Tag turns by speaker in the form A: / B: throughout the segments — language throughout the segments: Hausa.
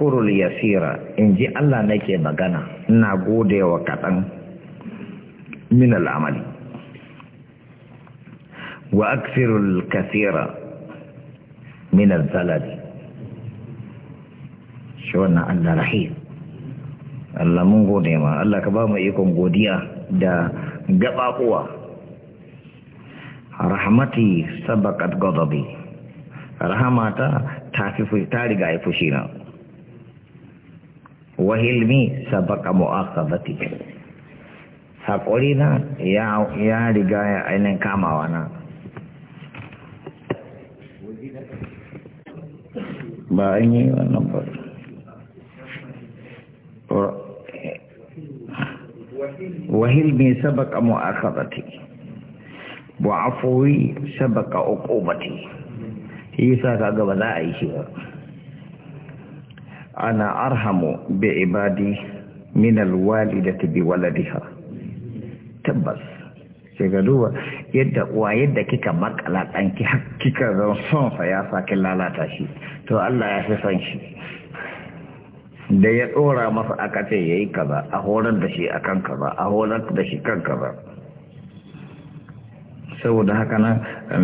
A: kurul yasira in ji Allah nake magana ina gode wa kaɗan min al'amali wa aksirul kasira min al-zalali shi wannan Allah rahim Allah mun gode ma Allah ka ba mu ikon godiya da gabakuwa. rahmati sabaqat gadabi rahamata ta fi ta riga ya fushi na wahilmi sabaka mu'aqabati haƙuri na ya riga ya ainihin kamawa na ba an yi wannan ba wahilmi sabaka mu'aqabati wa afuwi sabaka uqubati yasa kaga ba za a yi shi ba ana arhamu bi ibadi min alwalidati bi waladiha tabbas sai ga duba yadda uwa yadda kika makala ɗanki kika zan son sa ya saki lalata shi to Allah ya fi son shi da ya ɗora masa aka ce ya yi kaza a horar da shi akan kaza a horar da shi kan kaza saboda haka nan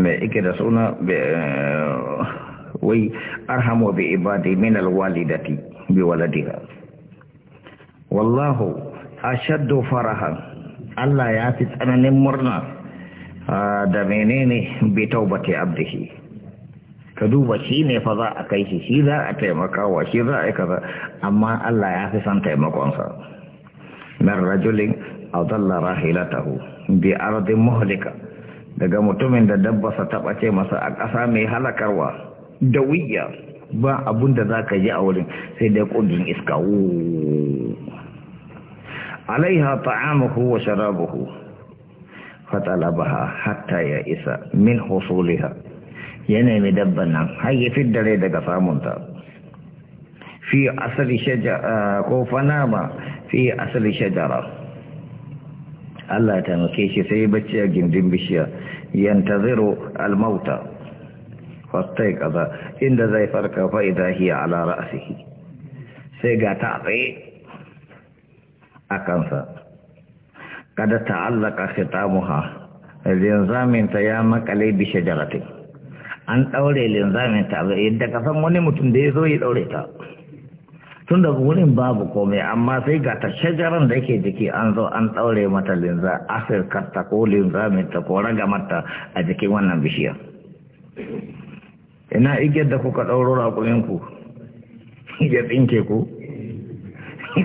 A: mai ike da suna wai arhamu bi ibadi min alwalidati bi waladiha wallahu ashaddu farahan Allah ya fi tsananin murna ah, da menene bi taubati abdihi ka duba shi ne fa za a kai shi shi za a taimaka wa shi za a yi kaza amma Allah ya fi son taimakonsa min rajulin adalla rahilatahu bi ardin muhlika daga mutumin da dabba sa taɓa ce masa a ƙasa mai halakarwa da wuya, ba abun da za ka ji a wurin sai dai kudin iska alaiha ta'amuhu wa sharabuhu talabaha hatta ya isa min husuliha yana mai dabban nan har ya fidda rai daga samunta fi asali shajara ko fanama fi asali shajara Allah ta taimake shi sai bacci a gindin bishiya yantaziru almauta fastai kaza inda zai farka fa idza ala ra'sihi sai ga ta tsaye a kansa kada allaka khitamuha linzaminta ya makale bi shajaratin an daure linzaminta yadda ka san wani mutum da ya zo ya daure ta tun daga wurin babu komai amma sai ga ta shajaran da yake jiki an zo an daure mata linza ta ko linzaminta ko mata a jikin wannan bishiyar ina igiyar da kuka ɗauro raƙulinku ya tsinke ku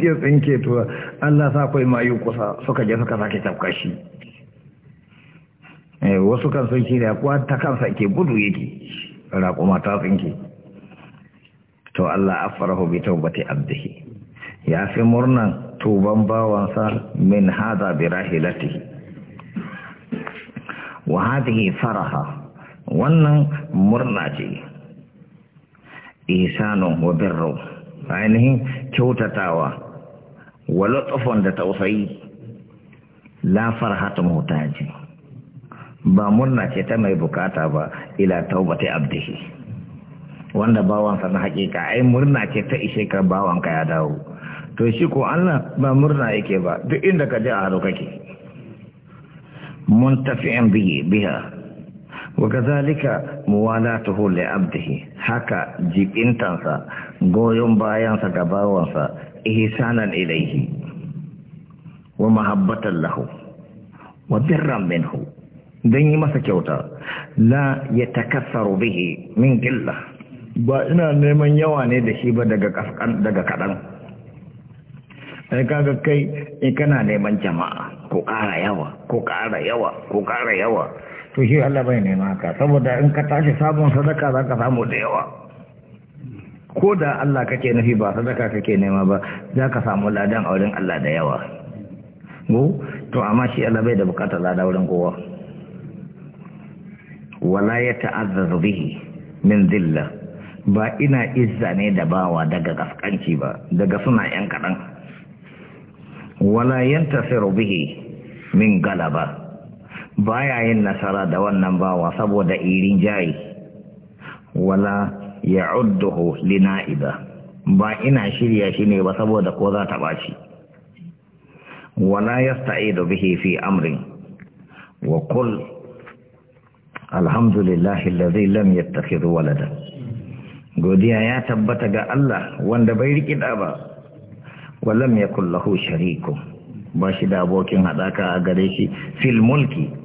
A: ya tsinke tuwa Allah sa kai mayu kusa suka je suka sake tafka shi eh, wasu kan sun shi da kuwa ta kansa ke gudu yake raƙuma ta tsinke to Allah afarahu bi taubati abdihi ya fi murnan tuban bawansa min hada bi rahilatihi wa hadhihi faraha wannan murna ce isanon wa ainihin kyautatawa wa tsofon da tausayi la farhata mutaji ba murna ce ta mai bukata ba ila taubata abdihi wanda bawansa na hakika ai murna ce ta ishe ka bawanka ya dawo to shi ko Allah ba murna yake ba duk inda ka ji a haro kake muntafi'in bihi biha wakazalika muwalatuhu li abdihi haka jibintansa goyon bayansa ga bawansa ihsanan ilaihi wa mahabbatan lahu wa birran minhu dan yi masa kyauta la takasa rubihi, min gilla ba ina neman yawa ne da shi ba daga kaskan daga kadan ai kaga kai kana neman jama'a ko kara yawa ko kara yawa ko kara yawa. to shi Allah bai nema ka saboda in ka tashi sabon sadaka za ka samu da yawa ko da Allah kake nufi ba sadaka kake nema ba za ka samu ladan auren Allah da yawa go to amma shi Allah bai da bukatar ladan wurin kowa wala ya ta'azzaz bihi min dhilla ba ina izza ne da bawa daga gaskanci ba daga suna yan kaɗan wala yantasiru bihi min galaba baya yin nasara da wannan bawa saboda irin jayi wala ya'udduhu lina'iba ba ina shirya shi ne ba saboda ko za ta baci wala yasta'idu bihi fi amrin wa qul alhamdulillahi alladhi lam yattakhidh walada godiya ya tabbata ga Allah wanda bai riki da ba wa lam yakul lahu ba shi da abokin haɗaka a gare shi fil mulki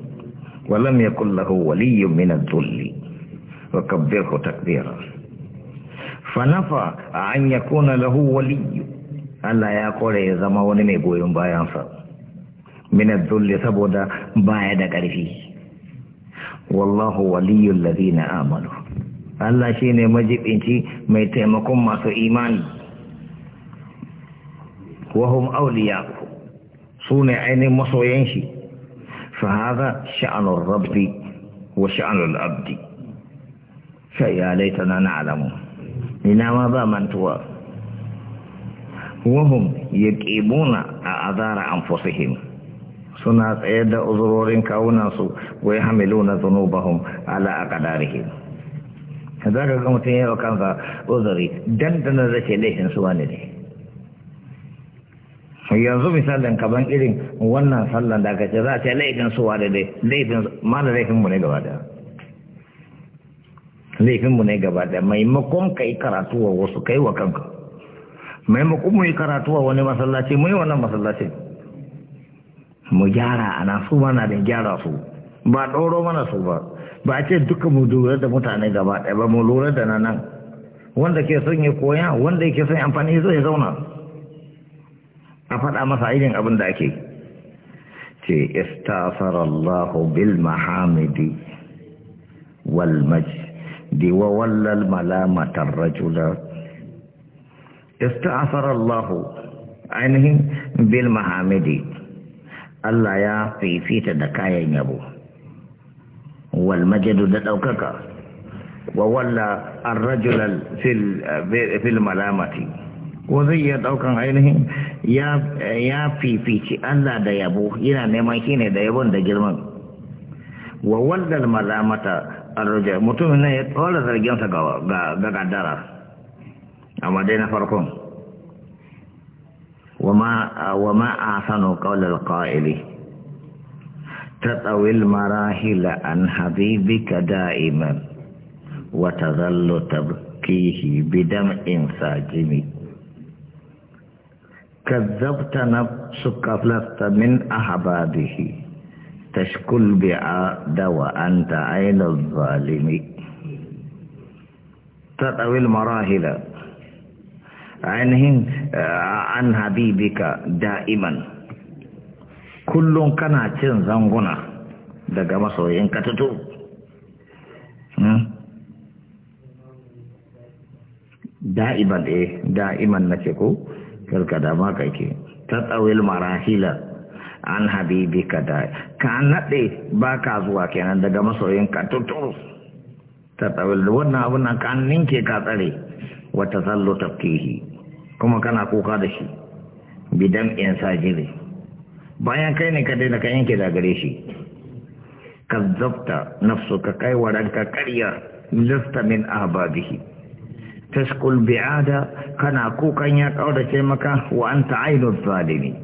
A: ولم يكن له ولي من الذل وكبره تكبيرا فنفى أن يكون له ولي ألا يقول إذا ما ونمي بويم بايانسا من الذل سبودا بايدا كارفي والله ولي الذين آمنوا Allah شيني مجيب majibinci mai taimakon masu imani wahum auliya su ne ainihin masoyan فهذا شأن الرب وشأن العبد فيا ليتنا نعلم إنما ما من توار وهم يكيبون أعذار أنفسهم سنة أيد أضرور كوناس ويحملون ذنوبهم على أقدارهم كذلك كما تنيه وكان ذا أضري دندن ذكي ليهن سواني ليه yanzu misalin kaban irin wannan sallan da aka ce za a ce laifin suwa da dai laifin ma da laifinmu ne gaba laifin laifinmu ne gaba daya maimakon ka yi karatuwa wasu kai wa kanka maimakon mu yi karatuwa wani masallaci mu yi wannan masallaci mu gyara ana su mana da gyara su ba ɗauro mana su ba ba a ce duka mu lura da mutane gaba ɗaya ba mu lura da nan wanda ke son ya koya wanda yake son amfani zai zauna Ka faɗa masa irin abin da ake ce istafarallahu bil mahamidi wal majdi wa wallal malamatar rajula istafarallahu ainihin bil mahamidi Allah ya fifita da kayan yabo wal majdu da ɗaukaka wa walla ar-rajula eh, fil malamati ko zai iya daukan ainihin ya fifici Allah da yabo yana neman shi ne da yabon da girman wa waldal malamata arroja mutumin ne ya zargin zarginsa ga gadara amma dai na farkon wa ma a sanu kawalar ƙa'ili ta tsawil marahila an habibika da'iman wata zallo tabkihi bidan in sajimi كذبت نفسك لست من أحبابه تشكل بعاد وأنت عين الظالم تطوي المراحل عنهم عن حبيبك دائما كل كان تنزنغنا زنغنا دقا ka tutu da'iman eh da'iman na ce kalka da ma kake ta tsawil marahila an habibi ka da ka naɗe ba ka zuwa kenan daga masoyin ka tuturu ta tsawil da wannan abin nan ka ninke ka tsare wata zallo tafkihi kuma kana kuka da shi bidan in sajiri bayan kai ne ka daina ka yanke da gare shi nafsu ka kai waranka karya lista min ahbabihi taskul bi'ada kana kukan ya kaurace maka wa anta ainul zalimi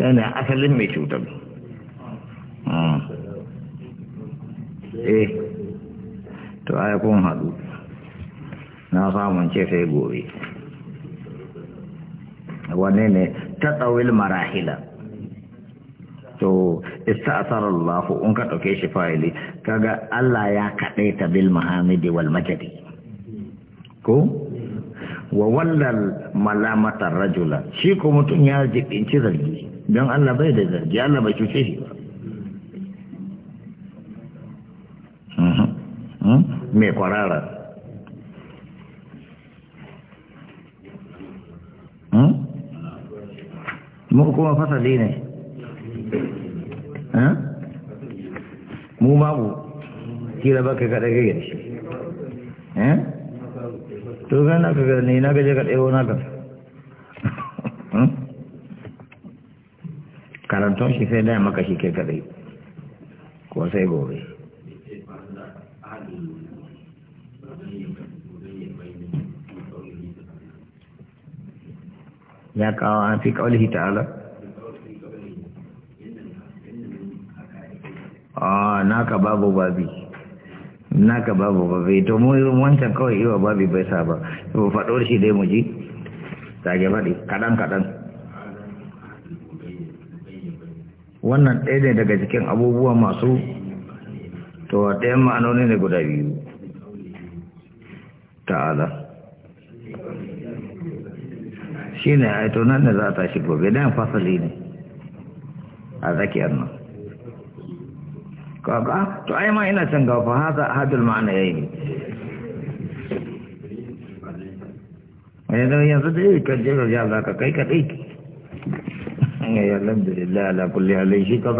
A: tana asalin mai cutar hmm. eh to aya kun haɗu na samun ce sai gobe wane ne ta tsawil marahila to ista'asar Allah in ka ɗauke shi fa'ili kaga Allah ya kaɗaita bil mahamidi wal majadi ko wa wallal malamatar rajula shi ko mutum ya jibinci zargi don Allah bai da zargi Allah bai cuce shi ba mai mhm. mhm. kwarara mhm. mu kuma fasali ne mu babu kira baka kada gaggar shi eh to ga na kaga ne na gaje ka ɗaya na ka karanton shi sai daya maka shi ke kaɗai ko sai gobe ya kawo an fi ƙaunar ta'ala ah, naka babu babi naka babu babu to mu wancan kawai yiwa babu bai sa ba ba faɗo shi dai mu ji tage faɗi kaɗan kaɗan wannan ɗaya ne daga cikin abubuwa masu to a ɗayan ma'anoni ne guda biyu ta'ala shi ne a ito nan da za ta tashi gobe dan fasali ne a zakiyar nan kaga to ai ma ina san gafa haza hadul ma'ana yayi ne eh, yanzu yanzu dai ka je ga Allah ka kai ka dai ya alhamdulillah ala kulli halin shi ka